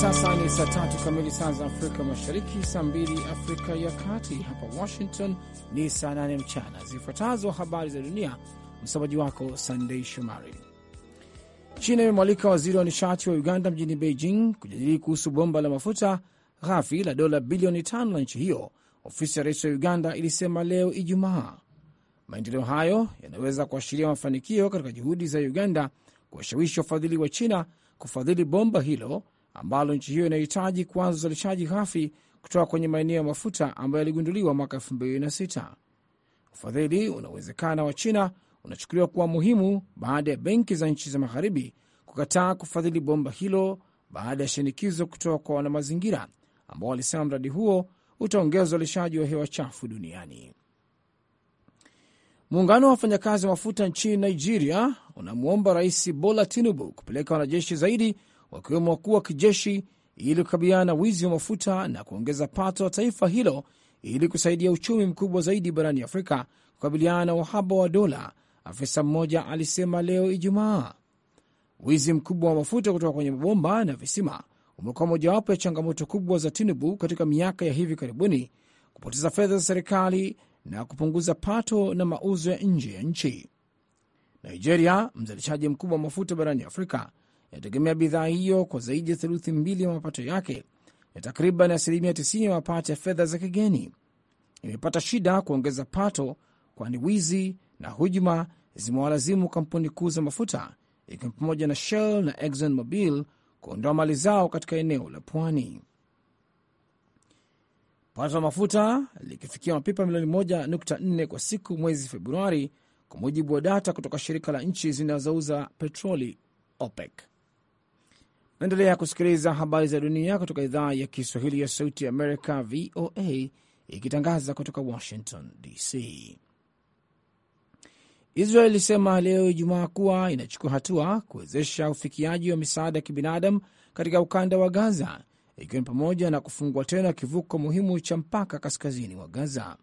sasa ni saa tatu kamili saa za Afrika Mashariki, saa mbili Afrika ya Kati. Hapa Washington ni saa nane mchana. Zifuatazo habari za dunia, msomaji wako Sandei Shomari. China imemwalika waziri wa nishati wa Uganda mjini Beijing kujadili kuhusu bomba la mafuta ghafi la dola bilioni tano la nchi hiyo, ofisi ya rais wa Uganda ilisema leo Ijumaa. Maendeleo hayo yanaweza kuashiria mafanikio katika juhudi za Uganda kuwashawishi wafadhili wa China kufadhili bomba hilo ambalo nchi hiyo inahitaji kuanza uzalishaji ghafi kutoka kwenye maeneo ya mafuta ambayo yaligunduliwa mwaka 2006. Ufadhili unawezekana wa China unachukuliwa kuwa muhimu baada ya benki za nchi za magharibi kukataa kufadhili bomba hilo baada ya shinikizo kutoka kwa wanamazingira ambao walisema mradi huo utaongeza uzalishaji wa hewa chafu duniani. Muungano wa wafanyakazi wa mafuta nchini Nigeria unamwomba Rais Bola Tinubu kupeleka wanajeshi zaidi wakiwemo wakuu wa kijeshi ili kukabiliana na wizi wa mafuta na kuongeza pato la taifa hilo ili kusaidia uchumi mkubwa zaidi barani Afrika kukabiliana na uhaba wa dola, afisa mmoja alisema leo Ijumaa. Wizi mkubwa wa mafuta kutoka kwenye mabomba na visima umekuwa mojawapo ya changamoto kubwa za Tinubu katika miaka ya hivi karibuni, kupoteza fedha za serikali na kupunguza pato na mauzo ya nje ya nchi. Nigeria, mzalishaji mkubwa wa mafuta barani Afrika, inategemea bidhaa hiyo kwa zaidi ya theluthi mbili ya mapato yake na takriban asilimia 90 ya mapato ya fedha za kigeni. Imepata shida kuongeza pato, kwani wizi na hujuma zimewalazimu kampuni kuu za mafuta ikiwa pamoja na Shell na Exxon Mobil kuondoa mali zao katika eneo la pwani. Pato la mafuta likifikia mapipa milioni 1.4 kwa siku mwezi Februari, kwa mujibu wa data kutoka shirika la nchi zinazouza petroli OPEC. Naendelea kusikiliza habari za dunia kutoka idhaa ya Kiswahili ya Sauti ya Amerika, VOA, ikitangaza kutoka Washington DC. Israel ilisema leo Ijumaa kuwa inachukua hatua kuwezesha ufikiaji wa misaada ya kibinadamu katika ukanda wa Gaza, ikiwa ni pamoja na kufungwa tena kivuko muhimu cha mpaka kaskazini wa Gaza.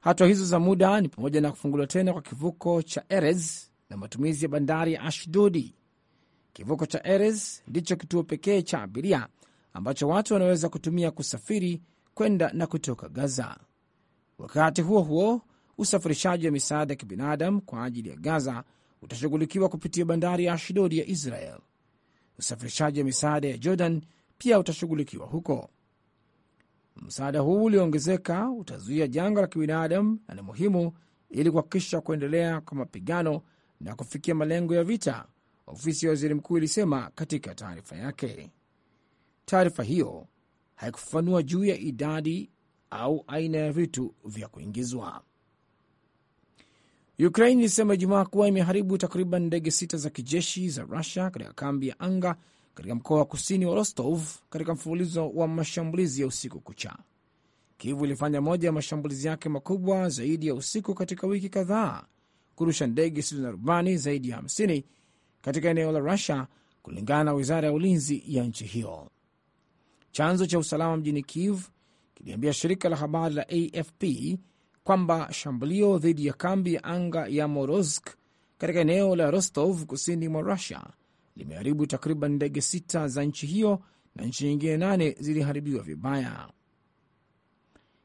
Hatua hizo za muda ni pamoja na kufunguliwa tena kwa kivuko cha Erez na matumizi ya bandari ya Ashdodi Kivuko cha Erez ndicho kituo pekee cha abiria ambacho watu wanaweza kutumia kusafiri kwenda na kutoka Gaza. Wakati huo huo, usafirishaji wa misaada ya kibinadamu kwa ajili ya Gaza utashughulikiwa kupitia bandari ya ashidodi ya Israel. Usafirishaji wa misaada ya Jordan pia utashughulikiwa huko. Msaada huu ulioongezeka utazuia janga la kibinadamu na ni muhimu ili kuhakikisha kuendelea kwa mapigano na kufikia malengo ya vita ofisi ya waziri mkuu ilisema katika taarifa yake. Taarifa hiyo haikufafanua juu ya idadi au aina ya vitu vya kuingizwa. Ukraine ilisema Ijumaa kuwa imeharibu takriban ndege sita za kijeshi za Rusia katika kambi ya anga katika mkoa wa kusini wa Rostov katika mfululizo wa mashambulizi ya usiku kucha. Kivu ilifanya moja ya mashambulizi yake makubwa zaidi ya usiku katika wiki kadhaa, kurusha ndege zisizo na rubani zaidi ya 50 katika eneo la Rusia, kulingana na wizara ya ulinzi ya nchi hiyo. Chanzo cha usalama mjini Kiev kiliambia shirika la habari la AFP kwamba shambulio dhidi ya kambi ya anga ya Morosk katika eneo la Rostov kusini mwa Rusia limeharibu takriban ndege sita za nchi hiyo na nchi nyingine nane ziliharibiwa vibaya.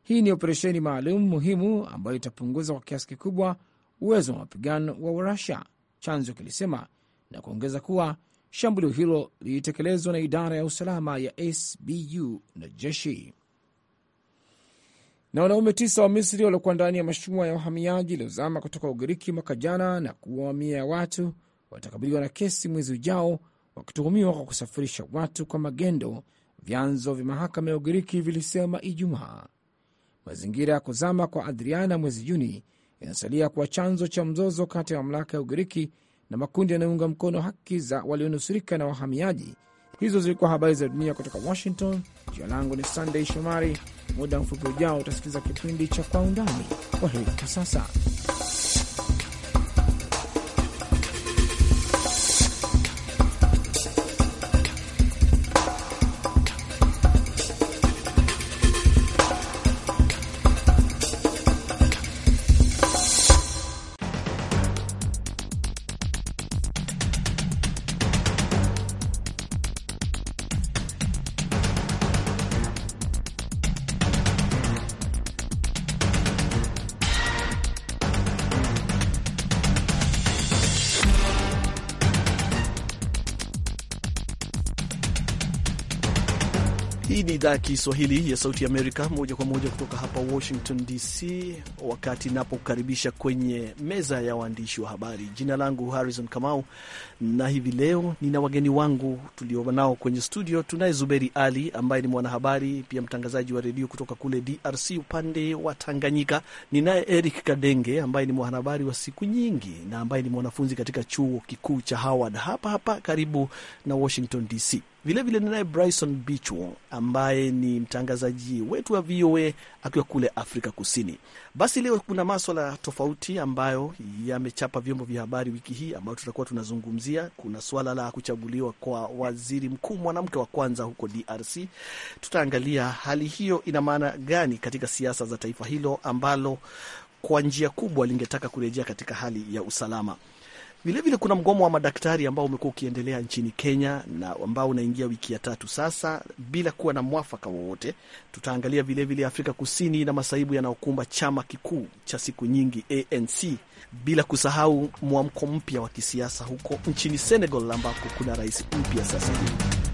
Hii ni operesheni maalum muhimu ambayo itapunguza kwa kiasi kikubwa uwezo wa mapigano wa rasia chanzo kilisema na kuongeza kuwa shambulio hilo lilitekelezwa na idara ya usalama ya SBU na jeshi. Na wanaume tisa wa Misri waliokuwa ndani ya mashua ya wahamiaji iliyozama kutoka Ugiriki mwaka jana na kuua mamia ya watu watakabiliwa na kesi mwezi ujao, wakituhumiwa kwa kusafirisha watu kwa magendo, vyanzo vya mahakama ya Ugiriki vilisema Ijumaa. Mazingira ya kuzama kwa Adriana mwezi Juni yanasalia kuwa chanzo cha mzozo kati ya mamlaka ya Ugiriki na makundi yanayounga mkono haki za walionusurika na wahamiaji. Hizo zilikuwa habari za dunia kutoka Washington. Jina langu ni sandey Shomari. Muda mfupi ujao utasikiliza kipindi cha Kwa Undani. Kwa heri kwa sasa. idhaa ya Kiswahili ya Sauti Amerika moja kwa moja kutoka hapa Washington DC, wakati napokaribisha kwenye meza ya waandishi wa habari. Jina langu Harrison Kamau, na hivi leo nina wageni wangu tulionao kwenye studio. Tunaye Zuberi Ali ambaye ni mwanahabari pia mtangazaji wa redio kutoka kule DRC upande wa Tanganyika. Ninaye Eric Kadenge ambaye ni mwanahabari wa siku nyingi na ambaye ni mwanafunzi katika chuo kikuu cha Howard hapa hapa karibu na Washington DC. Vilevile ninaye Bryson Bichwo ambaye ni mtangazaji wetu wa VOA akiwa kule Afrika Kusini. Basi leo kuna maswala tofauti ambayo yamechapa vyombo vya habari wiki hii ambayo tutakuwa tunazungumzia. Kuna swala la kuchaguliwa kwa waziri mkuu mwanamke wa kwanza huko DRC. Tutaangalia hali hiyo ina maana gani katika siasa za taifa hilo ambalo kwa njia kubwa lingetaka kurejea katika hali ya usalama. Vilevile kuna mgomo wa madaktari ambao umekuwa ukiendelea nchini Kenya na ambao unaingia wiki ya tatu sasa bila kuwa na mwafaka wowote. Tutaangalia vilevile Afrika Kusini na masaibu yanayokumba chama kikuu cha siku nyingi ANC, bila kusahau mwamko mpya wa kisiasa huko nchini Senegal ambako kuna rais mpya sasa hivi.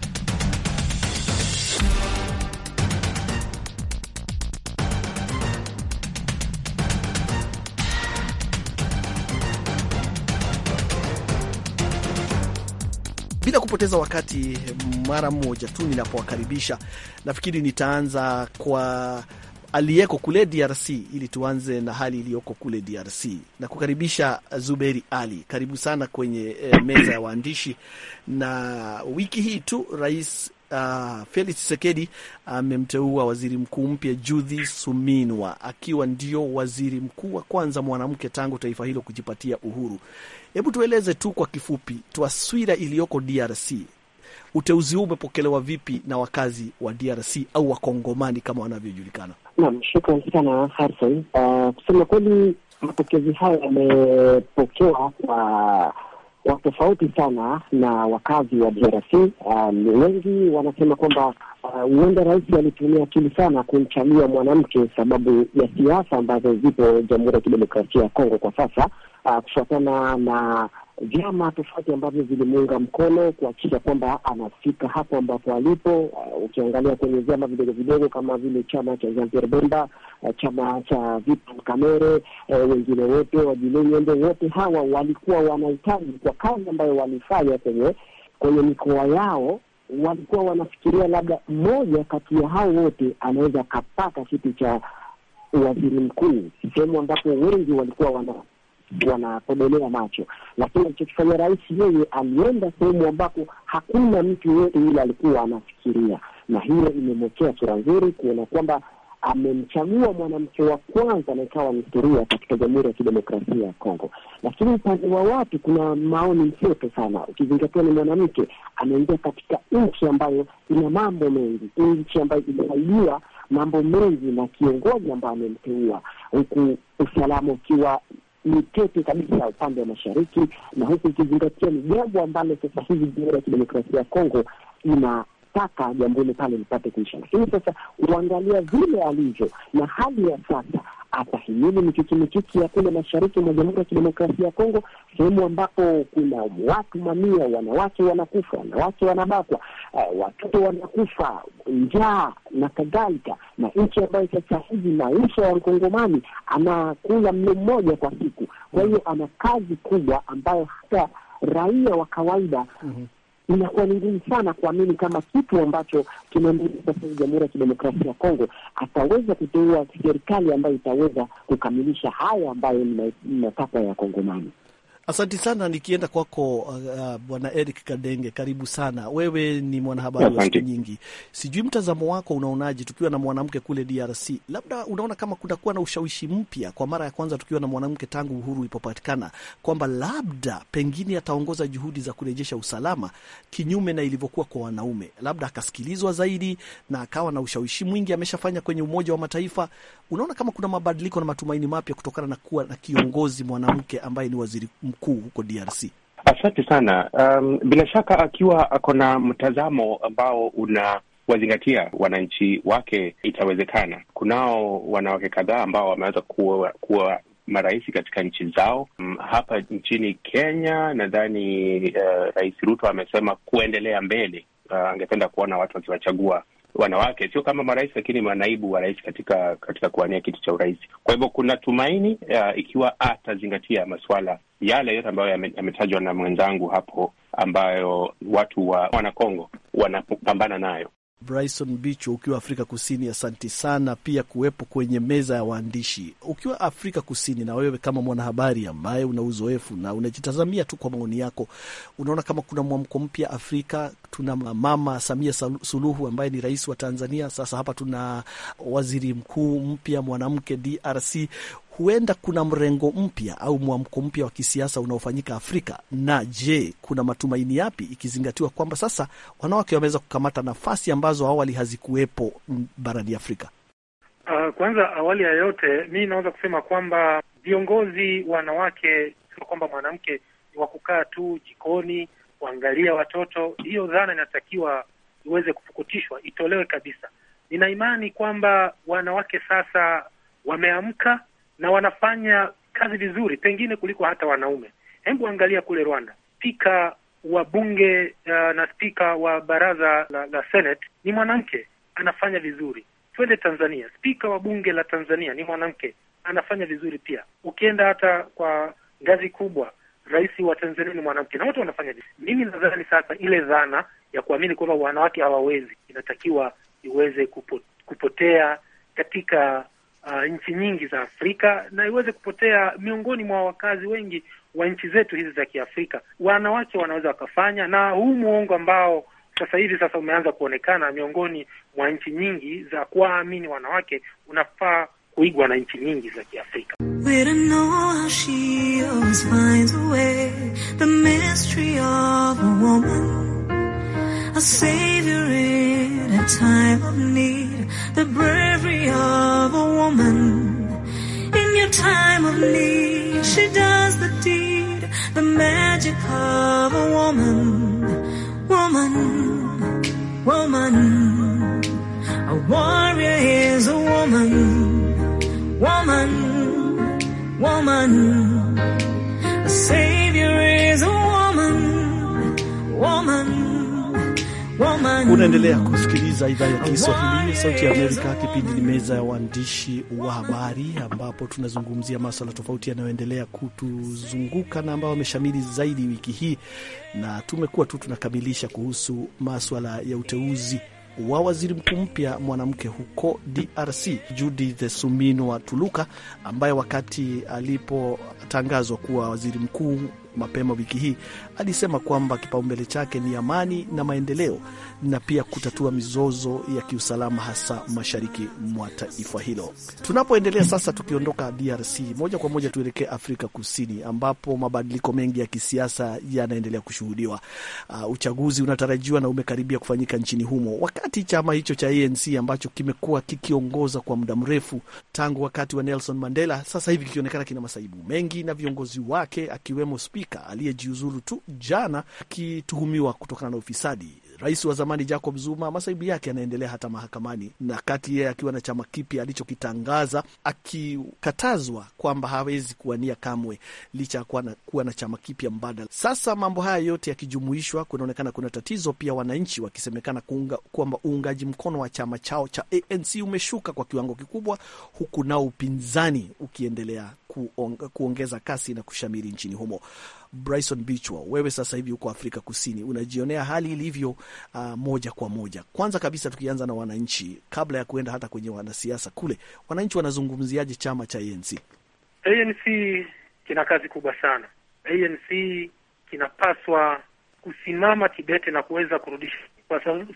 kupoteza wakati mara moja tu ninapowakaribisha, nafikiri nitaanza kwa aliyeko kule DRC ili tuanze na hali iliyoko kule DRC na kukaribisha Zuberi Ali, karibu sana kwenye eh, meza ya waandishi. Na wiki hii tu Rais uh, Felix Tshisekedi amemteua waziri mkuu mpya Judith Suminwa akiwa ndio waziri mkuu wa kwanza mwanamke tangu taifa hilo kujipatia uhuru. Hebu tueleze tu kwa kifupi taswira iliyoko DRC. Uteuzi huu umepokelewa vipi na wakazi wa DRC au wakongomani kama wanavyojulikana? Naam, shukran sana Harrison. Uh, kusema kweli mapokezi hayo yamepokewa kwa wa tofauti sana na wakazi wa DRC. Um, ah, wengi wanasema kwamba ah, huenda uh, rais alitumia akili sana kumchagua mwanamke sababu ya siasa ambazo zipo Jamhuri ya Kidemokrasia ya Kongo kwa sasa, uh, kufuatana na vyama tofauti ambavyo vilimuunga mkono kuhakikisha kwamba anafika hapo ambapo alipo. Uh, ukiangalia kwenye vyama vidogo vidogo kama vile chama cha Jean Pierre Bemba, uh, chama cha Vital Kamerhe, uh, wengine wote wajilenyendo, wote hawa walikuwa wanahitaji kwa kazi ambayo walifanya kwenye kwenye mikoa yao walikuwa wanafikiria labda mmoja kati ya hao wote anaweza akapata kiti cha waziri mkuu, sehemu ambapo wengi walikuwa wana wanapodolewa macho. Lakini alichokifanya rais, yeye alienda sehemu ambapo hakuna mtu yeyote yule alikuwa anafikiria, na hiyo imemwekea sura nzuri kuona kwamba amemchagua mwanamke wa kwanza na ikawa historia katika Jamhuri ya Kidemokrasia ya Kongo. Lakini upande wa watu kuna maoni mseto sana, ukizingatia ni mwanamke ameingia katika nchi ambayo ina mambo mengi, nchi ambayo imehaidiwa mambo mengi na kiongozi ambaye amemteua, huku usalama ukiwa ni tete kabisa ya upande wa mashariki, na huku ikizingatia ni jambo ambalo sasa hivi Jamhuri ya Kidemokrasia ya Kongo ina mpaka jambo hilo pale lipate kuisha, lakini sasa uangalia vile alivyo na hali ya sasa atahimili mikiki mikiki ya kule mashariki mwa Jamhuri ya Kidemokrasia ya Kongo, sehemu ambapo kuna watu mamia, wanawake wanakufa, wanawake wanabakwa, uh, watoto wanakufa, njaa na kadhalika, na nchi ambayo sasa hivi maisha ya Mkongomani anakula mlo mmoja kwa siku. Kwa hiyo ana kazi kubwa ambayo hata raia wa kawaida mm -hmm inakuwa ni ngumu sana kuamini kama kitu ambacho kimeendelea sasa hivi Jamhuri ya Kidemokrasia ya Kongo ataweza kuteua serikali ambayo itaweza kukamilisha haya ambayo ni matakwa ya Kongomani asanti sana, nikienda kwako uh, uh, bwana Eric Kadenge, karibu sana. Wewe ni mwanahabari wa siku nyingi, sijui mtazamo wako unaonaje, tukiwa na mwanamke kule DRC, labda unaona kama kutakuwa na ushawishi mpya kwa mara ya kwanza tukiwa na mwanamke tangu uhuru ulipopatikana kwamba labda pengine ataongoza juhudi za kurejesha usalama, kinyume na ilivyokuwa kwa wanaume, labda akasikilizwa zaidi na akawa na ushawishi mwingi, ameshafanya kwenye Umoja wa Mataifa unaona kama kuna mabadiliko na matumaini mapya kutokana na kuwa na kiongozi mwanamke ambaye ni waziri mkuu huko DRC? Asante sana. Um, bila shaka akiwa ako na mtazamo ambao una wazingatia wananchi wake, itawezekana. Kunao wanawake kadhaa ambao wameweza kuwa, kuwa marais katika nchi zao. Um, hapa nchini Kenya nadhani uh, Rais Ruto amesema kuendelea mbele. Uh, angependa kuona watu wakiwachagua wanawake, sio kama marais, lakini manaibu wa rais katika katika kuwania kiti cha urais. Kwa hivyo kuna tumaini uh, ikiwa atazingatia masuala yale yote ambayo yametajwa na mwenzangu hapo, ambayo watu wa Wanakongo wanapambana nayo. Bryson Bicho, ukiwa Afrika Kusini, asanti sana pia kuwepo kwenye meza ya waandishi. Ukiwa Afrika Kusini na wewe kama mwanahabari ambaye una uzoefu na unajitazamia tu, kwa maoni yako, unaona kama kuna mwamko mpya Afrika? Tuna Mama Samia Suluhu ambaye ni rais wa Tanzania, sasa hapa tuna waziri mkuu mpya mwanamke DRC huenda kuna mrengo mpya au mwamko mpya wa kisiasa unaofanyika Afrika. Na je, kuna matumaini yapi ikizingatiwa kwamba sasa wanawake wameweza kukamata nafasi ambazo awali hazikuwepo barani Afrika? Uh, kwanza awali ya yote mi naweza kusema kwamba viongozi wanawake, sio kwamba mwanamke ni wa kukaa tu jikoni kuangalia watoto. Hiyo dhana inatakiwa iweze kufukutishwa, itolewe kabisa. Nina imani kwamba wanawake sasa wameamka na wanafanya kazi vizuri pengine kuliko hata wanaume. Hebu angalia kule Rwanda, spika wa bunge uh, na spika wa baraza la, la Senate ni mwanamke, anafanya vizuri. Twende Tanzania, spika wa bunge la Tanzania ni mwanamke, anafanya vizuri pia. Ukienda hata kwa ngazi kubwa, rais wa Tanzania ni mwanamke na wote wanafanya vizuri. Mimi nadhani sasa ile dhana ya kuamini kwamba wanawake hawawezi inatakiwa iweze kupo, kupotea katika uh, nchi nyingi za Afrika na iweze kupotea miongoni mwa wakazi wengi wa nchi zetu hizi za Kiafrika. Wanawake wanaweza wakafanya, na huu muongo ambao sasa hivi sasa umeanza kuonekana miongoni mwa nchi nyingi za kuwaamini wanawake unafaa kuigwa na nchi nyingi za Kiafrika. time of need, the bravery of a woman. In your time of need, she does the deed, the magic of a woman. Woman, woman, a warrior is a woman. Woman, woman, a savior is a woman. Unaendelea kusikiliza idhaa ya Kiswahili ya Sauti ya Amerika. Kipindi ni Meza ya Waandishi wa Habari, ambapo tunazungumzia maswala tofauti yanayoendelea kutuzunguka na ambayo ameshamiri zaidi wiki hii, na tumekuwa tu tunakamilisha kuhusu maswala ya uteuzi wa waziri mkuu mpya mwanamke huko DRC, Judith Suminwa Tuluka, ambaye wakati alipotangazwa kuwa waziri mkuu mapema wiki hii alisema kwamba kipaumbele chake ni amani na maendeleo na pia kutatua mizozo ya kiusalama hasa mashariki mwa taifa hilo. Tunapoendelea sasa, tukiondoka DRC moja kwa moja tuelekee Afrika Kusini ambapo mabadiliko mengi ya kisiasa yanaendelea kushuhudiwa. Uh, uchaguzi unatarajiwa na umekaribia kufanyika nchini humo, wakati chama hicho cha ANC ambacho kimekuwa kikiongoza kwa muda mrefu tangu wakati wa Nelson Mandela, sasa hivi kikionekana kina masaibu mengi na viongozi wake akiwemo speaker mwafrika aliyejiuzulu tu jana akituhumiwa kutokana na ufisadi. Rais wa zamani Jacob Zuma, masaibu yake yanaendelea hata mahakamani, na kati yeye akiwa na chama kipya alichokitangaza, akikatazwa kwamba hawezi kuwania kamwe, licha ya kuwa na chama kipya mbadala. Sasa mambo haya yote yakijumuishwa, kunaonekana kuna tatizo pia, wananchi wakisemekana kwamba uungaji mkono wa chama chao cha ANC umeshuka kwa kiwango kikubwa, huku nao upinzani ukiendelea kuongeza kasi na kushamiri nchini humo. Bryson Bichwa, wewe sasa hivi uko Afrika Kusini, unajionea hali ilivyo uh, moja kwa moja. Kwanza kabisa tukianza na wananchi, kabla ya kuenda hata kwenye wanasiasa kule, wananchi wanazungumziaje chama cha ANC? ANC kina kazi kubwa sana. ANC kinapaswa kusimama kibete na kuweza kurudisha,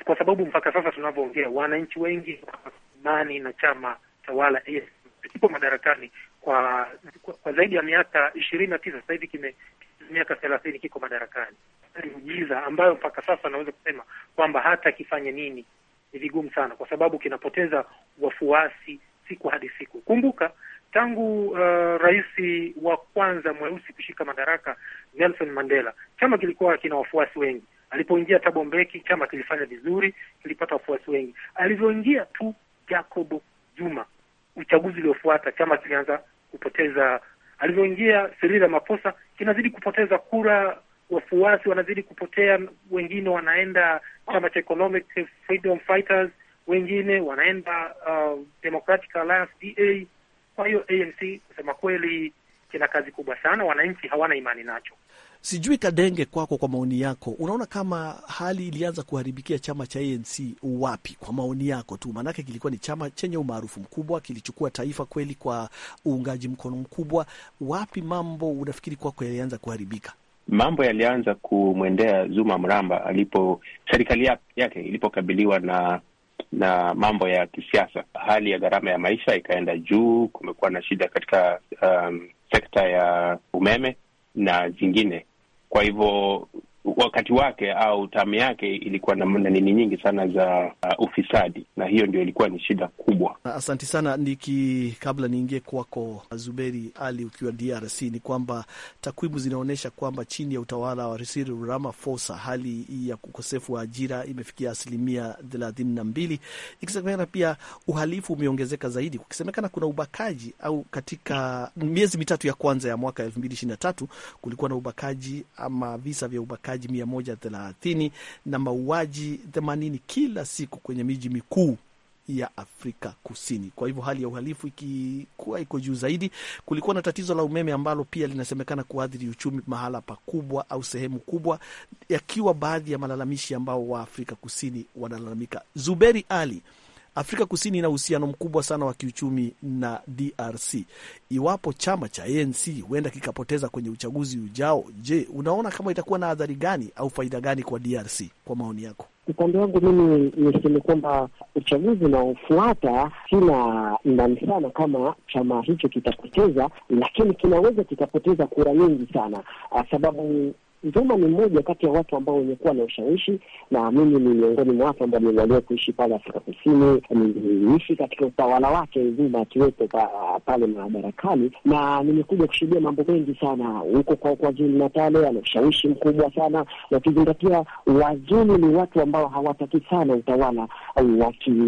kwa sababu mpaka sasa tunavyoongea, wananchi wengi imani na chama tawala kipo madarakani kwa, kwa, kwa zaidi ya miaka ishirini na tisa sasa hivi kime miaka thelathini kiko madarakani. Miujiza ambayo mpaka sasa naweza kusema kwamba hata kifanye nini ni vigumu sana, kwa sababu kinapoteza wafuasi siku hadi siku. Kumbuka tangu uh, rais wa kwanza mweusi kushika madaraka Nelson Mandela, chama kilikuwa kina wafuasi wengi. Alipoingia Thabo Mbeki, chama kilifanya vizuri, kilipata wafuasi wengi. Alivyoingia tu Jacob Zuma, uchaguzi uliofuata chama kilianza kupoteza alivyoingia Cyril Ramaphosa, kinazidi kupoteza kura, wafuasi wanazidi kupotea, wengine wanaenda chama cha Economic Freedom Fighters, wengine wanaenda uh, Democratic Alliance DA. Kwa hiyo ANC kusema kweli kina kazi kubwa sana, wananchi hawana imani nacho. Sijui Kadenge, kwako, kwa maoni yako, unaona kama hali ilianza kuharibikia chama cha ANC wapi, kwa maoni yako tu? Maanake kilikuwa ni chama chenye umaarufu mkubwa, kilichukua taifa kweli kwa uungaji mkono mkubwa. Wapi mambo unafikiri kwako yalianza kuharibika? Mambo yalianza kumwendea Zuma mramba alipo serikali yake ilipokabiliwa na na mambo ya kisiasa. Hali ya gharama ya maisha ikaenda juu, kumekuwa na shida katika um, sekta ya umeme na zingine kwa hivyo wakati wake au tamu yake ilikuwa na nini nyingi sana za uh, ufisadi, na hiyo ndio ilikuwa ni shida kubwa. asanti sana Niki. Kabla niingie kwako Zuberi Ali, ukiwa DRC, ni kwamba takwimu zinaonyesha kwamba chini ya utawala wa Cyril Ramaphosa hali ya ukosefu wa ajira imefikia asilimia thelathini na mbili, ikisemekana pia uhalifu umeongezeka zaidi, ukisemekana kuna ubakaji au katika miezi mitatu ya kwanza ya mwaka elfu mbili ishirini na tatu kulikuwa na ubakaji ama visa vya ubakaji waandamanaji 130 na mauaji 80 kila siku kwenye miji mikuu ya Afrika Kusini. Kwa hivyo hali ya uhalifu ikikuwa iko juu zaidi. Kulikuwa na tatizo la umeme ambalo pia linasemekana kuathiri uchumi mahala pakubwa au sehemu kubwa, yakiwa baadhi ya malalamishi ambao wa Afrika Kusini wanalalamika. Zuberi Ali Afrika Kusini ina uhusiano mkubwa sana wa kiuchumi na DRC. Iwapo chama cha ANC huenda kikapoteza kwenye uchaguzi ujao, je, unaona kama itakuwa na adhari gani au faida gani kwa DRC kwa maoni yako? Upande wangu mimi niseme kwamba uchaguzi unaofuata sina imani sana kama chama hicho kitapoteza, lakini kinaweza kikapoteza kura nyingi sana, ah, sababu zuma ni mmoja kati ya watu ambao wenye kuwa na ushawishi, na mimi ni miongoni mwa watu ambao nimezaliwa kuishi pale Afrika Kusini. Niliishi katika utawala wake zuma akiwepo pale madarakani, na nimekuja kushuhudia mambo mengi sana huko kwa KwaZulu Natal. Ana ushawishi mkubwa sana, na ukizingatia Wazulu ni watu ambao hawataki sana utawala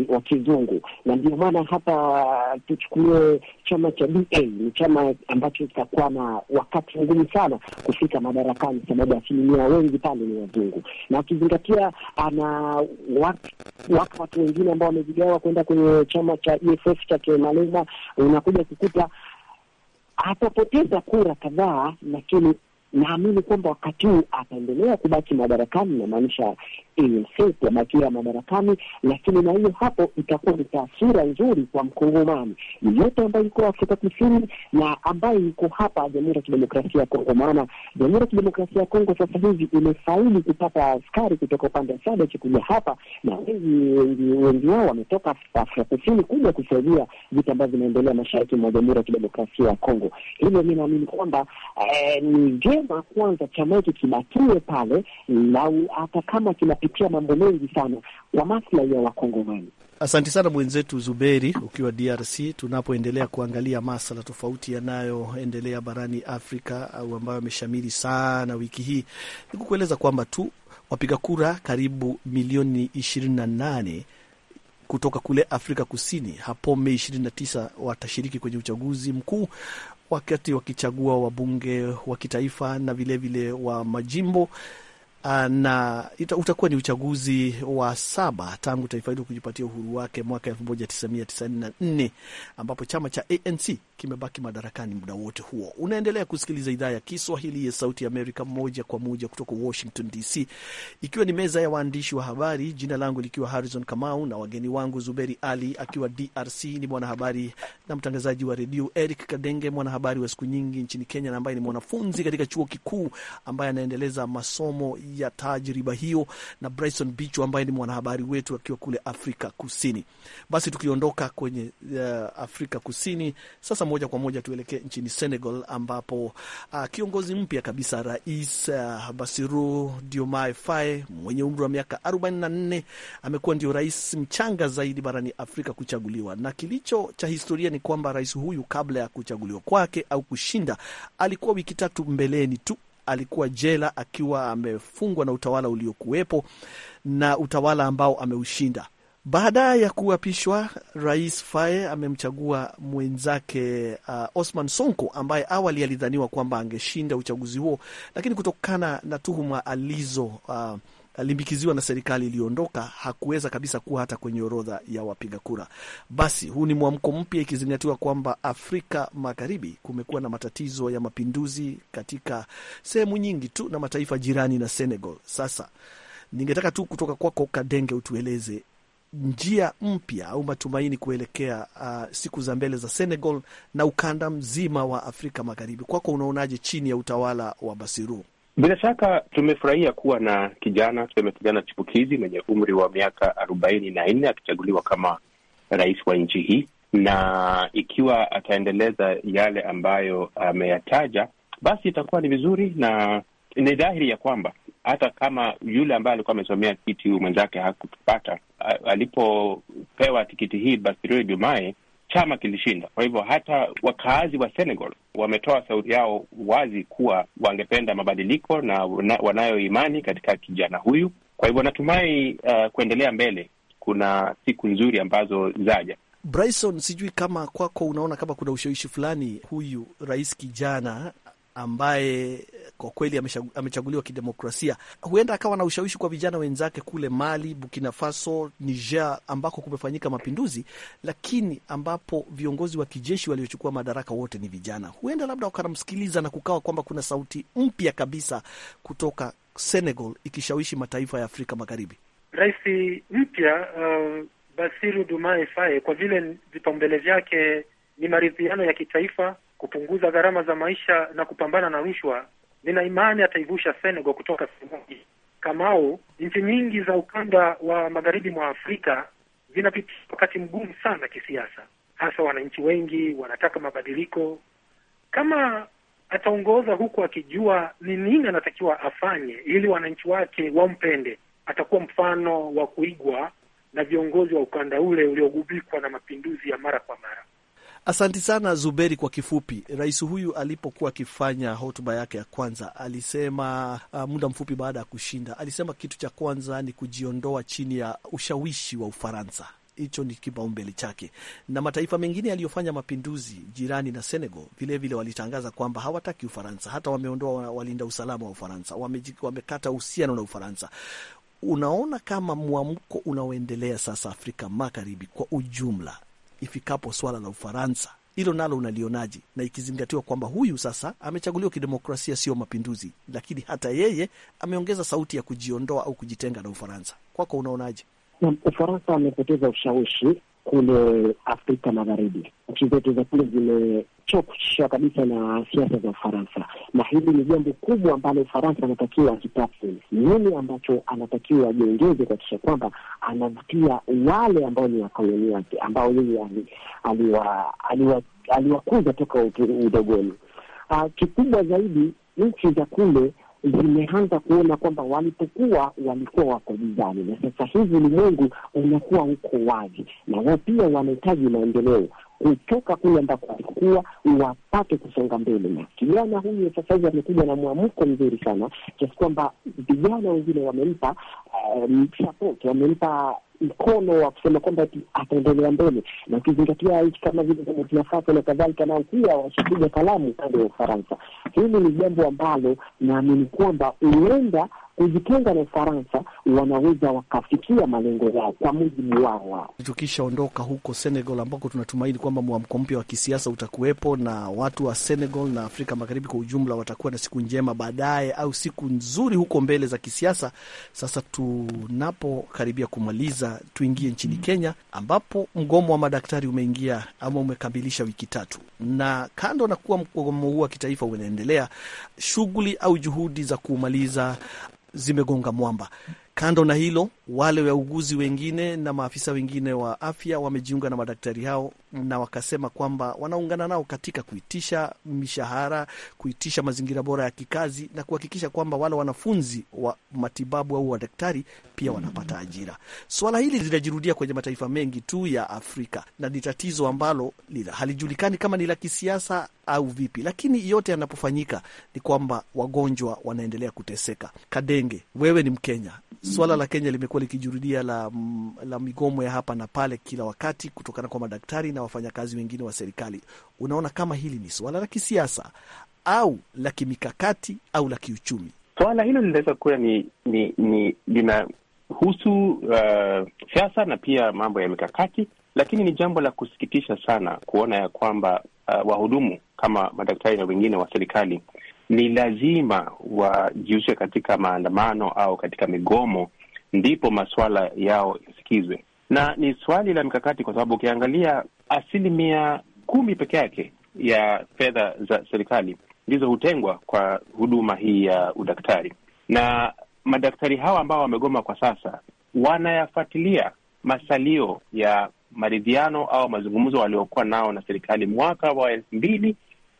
wa kizungu, na ndio maana hata tuchukulie chama cha DA, ni chama ambacho kitakuwa na wakati mgumu sana kufika madarakani sababu asilimia wengi pale ni wazungu, na ukizingatia ana wako watu wengine ambao wamejigawa kwenda kwenye chama cha EFF cha Malema, unakuja kukuta atapoteza kura kadhaa, lakini naamini kwamba wakati huu ataendelea kubaki madarakani, namaanisha ANC ya madarakani, lakini na hiyo hapo itakuwa ni taswira nzuri kwa mkongomani yeyote ambaye yuko Afrika Kusini na ambaye yuko hapa Jamhuri ya Kidemokrasia ya Kongo, maana Jamhuri ya Kidemokrasia ya Kongo sasa hivi imefaulu kupata askari kutoka upande wa SADC kuja hapa, na wengi wengi wengi wao wametoka Afrika Kusini kuja kusaidia vita ambavyo vinaendelea mashariki mwa Jamhuri ya Kidemokrasia ya Kongo. Hivyo mi naamini kwamba eh, ni vyema kwanza chama hiki kibatiwe pale, na hata kama kina kupitia mambo mengi sana kwa maslahi ya Wakongomani. Asante sana mwenzetu Zuberi ukiwa DRC. Tunapoendelea kuangalia masala tofauti yanayoendelea barani Afrika au ambayo yameshamiri sana wiki hii, ni kukueleza kwamba tu wapiga kura karibu milioni ishirini na nane kutoka kule Afrika Kusini hapo Mei 29 watashiriki kwenye uchaguzi mkuu wakati wakichagua wabunge wa kitaifa na vilevile vile wa majimbo Ah, na utakuwa ni uchaguzi wa saba tangu taifa hilo kujipatia uhuru wake mwaka 1994 ambapo chama cha ANC kimebaki madarakani muda wote huo. Unaendelea kusikiliza idhaa ya Kiswahili ya Sauti Amerika moja kwa moja kutoka Washington DC, ikiwa ni meza ya waandishi wa habari, jina langu likiwa Harrison Kamau na wageni wangu Zuberi Ali akiwa DRC ni mwanahabari na mtangazaji wa redio, Eric Kadenge mwanahabari wa siku nyingi nchini Kenya na ambaye ni mwanafunzi katika chuo kikuu ambaye anaendeleza masomo ya tajriba hiyo na Bryson Bichu ambaye ni mwanahabari wetu akiwa kule Afrika Kusini. Basi tukiondoka kwenye uh, Afrika Kusini sasa, moja kwa moja tuelekee nchini Senegal ambapo uh, kiongozi mpya kabisa Rais uh, Bassirou Diomaye Faye mwenye umri wa miaka 44 amekuwa ndio rais mchanga zaidi barani Afrika kuchaguliwa, na kilicho cha historia ni kwamba rais huyu kabla ya kuchaguliwa kwake au kushinda alikuwa wiki tatu mbeleni tu alikuwa jela akiwa amefungwa na utawala uliokuwepo na utawala ambao ameushinda. Baada ya kuapishwa, Rais Faye amemchagua mwenzake uh, Osman Sonko ambaye awali alidhaniwa kwamba angeshinda uchaguzi huo, lakini kutokana na tuhuma alizo uh, limbikiziwa na serikali iliyoondoka hakuweza kabisa kuwa hata kwenye orodha ya wapiga kura. Basi huu ni mwamko mpya, ikizingatiwa kwamba Afrika Magharibi kumekuwa na matatizo ya mapinduzi katika sehemu nyingi tu na mataifa jirani na Senegal. Sasa ningetaka tu kutoka kwako Kadenge, utueleze njia mpya au matumaini kuelekea uh, siku za mbele za Senegal na ukanda mzima wa Afrika Magharibi. Kwako unaonaje chini ya utawala wa Basiru? Bila shaka tumefurahia kuwa na kijana tuseme kijana chipukizi mwenye umri wa miaka arobaini na nne akichaguliwa kama rais wa nchi hii, na ikiwa ataendeleza yale ambayo ameyataja, basi itakuwa ni vizuri, na ni dhahiri ya kwamba hata kama yule ambaye alikuwa amesomea kiti mwenzake hakupata alipopewa tikiti hii Basirioe Jumae chama kilishinda. Kwa hivyo hata wakaazi wa Senegal wametoa sauti yao wazi kuwa wangependa mabadiliko na wanayo imani katika kijana huyu. Kwa hivyo natumai uh, kuendelea mbele, kuna siku nzuri ambazo zaja. Bryson, sijui kama kwako kwa unaona kama kuna ushawishi fulani huyu rais kijana ambaye kwa kweli amechaguliwa kidemokrasia, huenda akawa na ushawishi kwa vijana wenzake kule Mali, Burkina Faso, Niger ambako kumefanyika mapinduzi, lakini ambapo viongozi wa kijeshi waliochukua madaraka wote ni vijana. Huenda labda wakanamsikiliza na kukawa kwamba kuna sauti mpya kabisa kutoka Senegal ikishawishi mataifa ya Afrika Magharibi. Rais mpya uh, Basiru Diomaye Faye, kwa vile vipaumbele vyake ni maridhiano ya kitaifa kupunguza gharama za maisha na kupambana na rushwa, nina imani ataivusha Senegal kutoka sehemu hii. Kamau, nchi nyingi za ukanda wa magharibi mwa Afrika zinapitia wakati mgumu sana kisiasa, hasa wananchi wengi wanataka mabadiliko. Kama ataongoza huku akijua ni nini anatakiwa afanye ili wananchi wake wampende, atakuwa mfano wa kuigwa na viongozi wa ukanda ule uliogubikwa na mapinduzi ya mara kwa mara. Asanti sana Zuberi. Kwa kifupi, rais huyu alipokuwa akifanya hotuba yake ya kwanza alisema uh, muda mfupi baada ya kushinda, alisema kitu cha kwanza ni kujiondoa chini ya ushawishi wa Ufaransa. Hicho ni kipaumbele chake, na mataifa mengine yaliyofanya mapinduzi jirani na Senegal vilevile walitangaza kwamba hawataki Ufaransa, hata wameondoa walinda usalama wa Ufaransa, wamekata uhusiano na Ufaransa. Unaona kama mwamko unaoendelea sasa Afrika Magharibi kwa ujumla ifikapo swala la Ufaransa. Hilo nalo unalionaje? Na ikizingatiwa kwamba huyu sasa amechaguliwa kidemokrasia, sio mapinduzi, lakini hata yeye ameongeza sauti ya kujiondoa au kujitenga na Ufaransa. Kwako unaonaje? Ufaransa amepoteza ushawishi kule Afrika Magharibi, nchi zetu za kule zime kuchoshwa kabisa na siasa za Ufaransa, na hili ni jambo kubwa ambalo Ufaransa anatakiwa akipate nini ambacho anatakiwa ajiongeze kuakisha kwamba anavutia wale ambao ni wakoloni wake ambao yeye aliwakuza toka udogoni. Uh, kikubwa zaidi nchi za kule zimeanza kuona kwamba walipokuwa walikuwa wako gizani na sasa hivi ulimwengu unakuwa uko wazi, na wao pia wanahitaji maendeleo kutoka kule ambako walikuwa wapate kusonga mbele. Na kijana huyu sasa hivi amekuja na mwamko mzuri sana kiasi kwamba vijana wengine wamempa um, support, wamempa mkono wa kusema kwamba ataendelea mbele, na ukizingatia nchi kama vile Burkina Faso na kadhalika, nao pia washapiga kalamu upande wa Ufaransa. Hili ni jambo ambalo naamini kwamba huenda kujitenga na Ufaransa wanaweza wakafikia malengo yao kwa mujibu wao wao. Tukishaondoka huko Senegal, ambako tunatumaini kwamba mwamko mpya wa kisiasa utakuwepo na watu wa Senegal na Afrika Magharibi kwa ujumla watakuwa na siku njema baadaye, au siku nzuri huko mbele za kisiasa. Sasa tunapokaribia kumaliza, tuingie nchini Kenya ambapo mgomo wa madaktari umeingia ama umekamilisha wiki tatu, na kando na kuwa mgomo huu wa kitaifa unaendelea, shughuli au juhudi za kumaliza zimegonga mwamba. Kando na hilo wale wauguzi wengine na maafisa wengine wa afya wamejiunga na madaktari hao na wakasema kwamba wanaungana nao katika kuitisha mishahara, kuitisha mazingira bora ya kikazi na kuhakikisha kwamba wale wanafunzi wa matibabu au wadaktari pia wanapata ajira. Swala hili linajirudia kwenye mataifa mengi tu ya Afrika na ni tatizo ambalo halijulikani kama ni la kisiasa au vipi, lakini yote yanapofanyika ni kwamba wagonjwa wanaendelea kuteseka. Kadenge, wewe ni Mkenya, swala la Kenya limekuwa limekuwa likijurudia la, la migomo ya hapa na pale kila wakati kutokana kwa madaktari na wafanyakazi wengine wa serikali. Unaona kama hili ni suala la kisiasa au la kimikakati au la kiuchumi? swala hilo linaweza kuwa ni, ni, ni linahusu uh, siasa na pia mambo ya mikakati, lakini ni jambo la kusikitisha sana kuona ya kwamba uh, wahudumu kama madaktari na wengine wa serikali ni lazima wajihusishe katika maandamano au katika migomo ndipo masuala yao yasikizwe, na ni swali la mikakati, kwa sababu ukiangalia asilimia kumi peke yake ya fedha za serikali ndizo hutengwa kwa huduma hii ya udaktari, na madaktari hawa ambao wamegoma kwa sasa wanayafuatilia masalio ya maridhiano au mazungumzo waliokuwa nao na serikali mwaka wa elfu mbili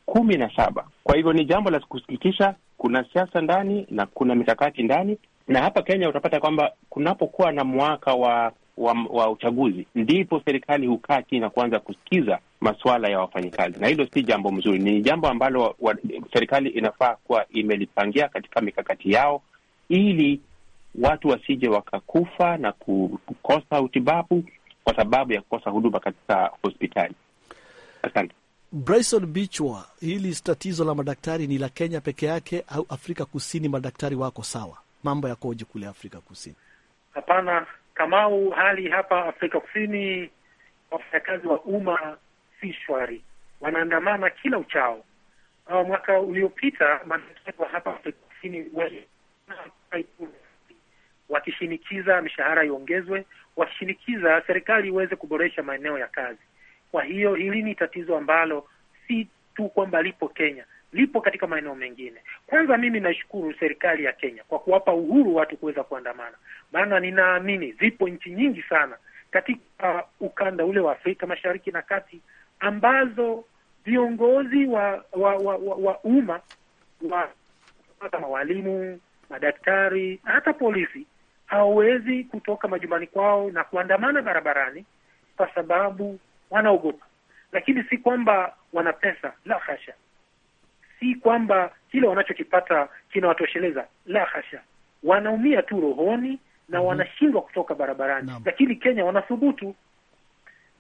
kumi na saba. Kwa hivyo ni jambo la kusikitisha. Kuna siasa ndani na kuna mikakati ndani, na hapa Kenya utapata kwamba kunapokuwa na mwaka wa wa, wa uchaguzi ndipo serikali hukaa chini na kuanza kusikiza masuala ya wafanyakazi na hilo si jambo mzuri, ni jambo ambalo wa, wa, serikali inafaa kuwa imelipangia katika mikakati yao ili watu wasije wakakufa na kukosa utibabu kwa sababu ya kukosa huduma katika hospitali. Asante. Bryson Bichwa, hili tatizo la madaktari ni la Kenya peke yake au Afrika Kusini madaktari wako sawa? mambo yakoje kule Afrika Kusini? Hapana Kamau, hali hapa Afrika Kusini, wafanyakazi wa umma si shwari, wanaandamana kila uchao. Uh, mwaka uliopita madaktari wa hapa Afrika Kusini wakishinikiza mishahara iongezwe, wakishinikiza serikali iweze kuboresha maeneo ya kazi. Kwa hiyo hili ni tatizo ambalo si tu kwamba lipo Kenya, lipo katika maeneo mengine. Kwanza mimi nashukuru serikali ya Kenya kwa kuwapa uhuru watu kuweza kuandamana, maana ninaamini zipo nchi nyingi sana katika ukanda ule wa Afrika Mashariki na Kati ambazo viongozi wa wa wa wa umma wa kama mawalimu, madaktari hata polisi hawawezi kutoka majumbani kwao na kuandamana barabarani kwa sababu wanaogopa, lakini si kwamba wana pesa, la hasha si kwamba kile wanachokipata kinawatosheleza, la hasha, wanaumia tu rohoni na mhm. wanashindwa kutoka barabarani na, lakini Kenya wanathubutu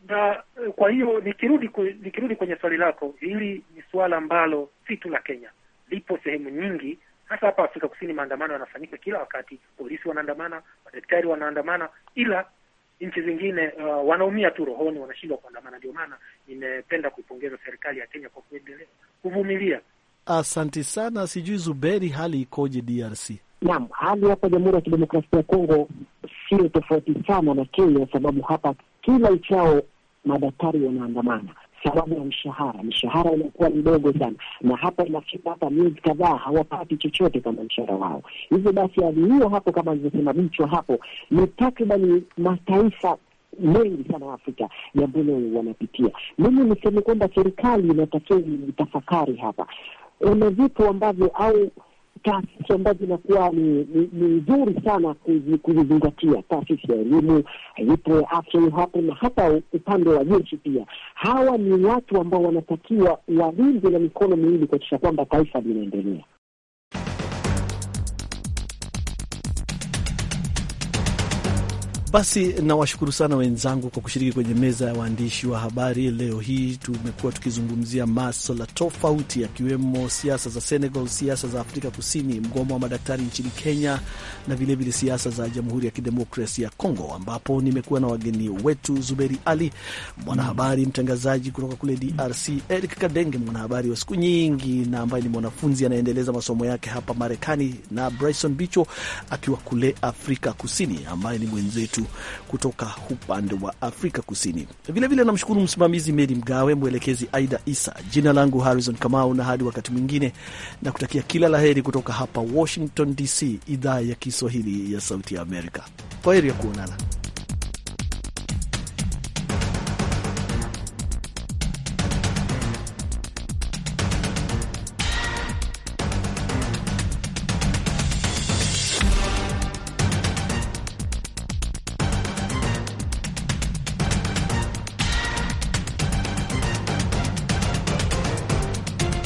na eh, kwa hiyo nikirudi nikirudi kwenye swali lako, hili ni suala ambalo si tu la Kenya, lipo sehemu nyingi, hasa hapa Afrika Kusini. Maandamano yanafanyika kila wakati, polisi wanaandamana, madaktari wanaandamana, ila nchi zingine uh, wanaumia tu rohoni, wanashindwa kuandamana. Ndio maana nimependa kuipongeza serikali ya Kenya kwa kuendelea kuvumilia Asanti sana. Sijui Zuberi, hali ikoje DRC? Naam, hali hapa Jamhuri ya Kidemokrasia ya Kongo sio tofauti sana na Kenya, sababu hapa kila uchao madaktari wanaandamana sababu ya mshahara. Mshahara unakuwa mdogo sana, na hapa inafika hata miezi kadhaa hawapati chochote kama mshahara wao. Hivyo basi, hali hiyo hapo, kama alivyosema Bichwa hapo, ni takriban mataifa mengi sana Afrika jambo hilo wanapitia. Mimi niseme kwamba serikali inatakiwa itafakari hapa, una vitu ambavyo au taasisi ambazo inakuwa ni nzuri sana kuzizingatia. Taasisi ya elimu, ipo ya afya hiyo hapo, na hata upande wa jeshi pia. Hawa ni watu ambao wanatakiwa walinde na mikono miwili kuhakikisha kwamba taifa linaendelea. Basi nawashukuru sana wenzangu kwa kushiriki kwenye meza ya waandishi wa habari leo hii. Tumekuwa tukizungumzia maswala tofauti, yakiwemo siasa za Senegal, siasa za Afrika Kusini, mgomo wa madaktari nchini Kenya na vilevile siasa za Jamhuri ya Kidemokrasia ya Kongo, ambapo nimekuwa na wageni wetu Zuberi Ali, mwanahabari mtangazaji kutoka kule DRC, Eric Kadenge, mwanahabari wa siku nyingi na ambaye ni mwanafunzi anaendeleza masomo yake hapa Marekani, na Bryson Bicho akiwa kule Afrika Kusini, ambaye ni mwenzetu wetu kutoka upande wa Afrika Kusini. Vilevile namshukuru msimamizi Meri Mgawe, mwelekezi Aida Isa. Jina langu Harrison Kamau, na hadi wakati mwingine na kutakia kila la heri kutoka hapa Washington DC, idhaa ya Kiswahili ya Sauti ya Amerika. Kwa heri ya kuonana.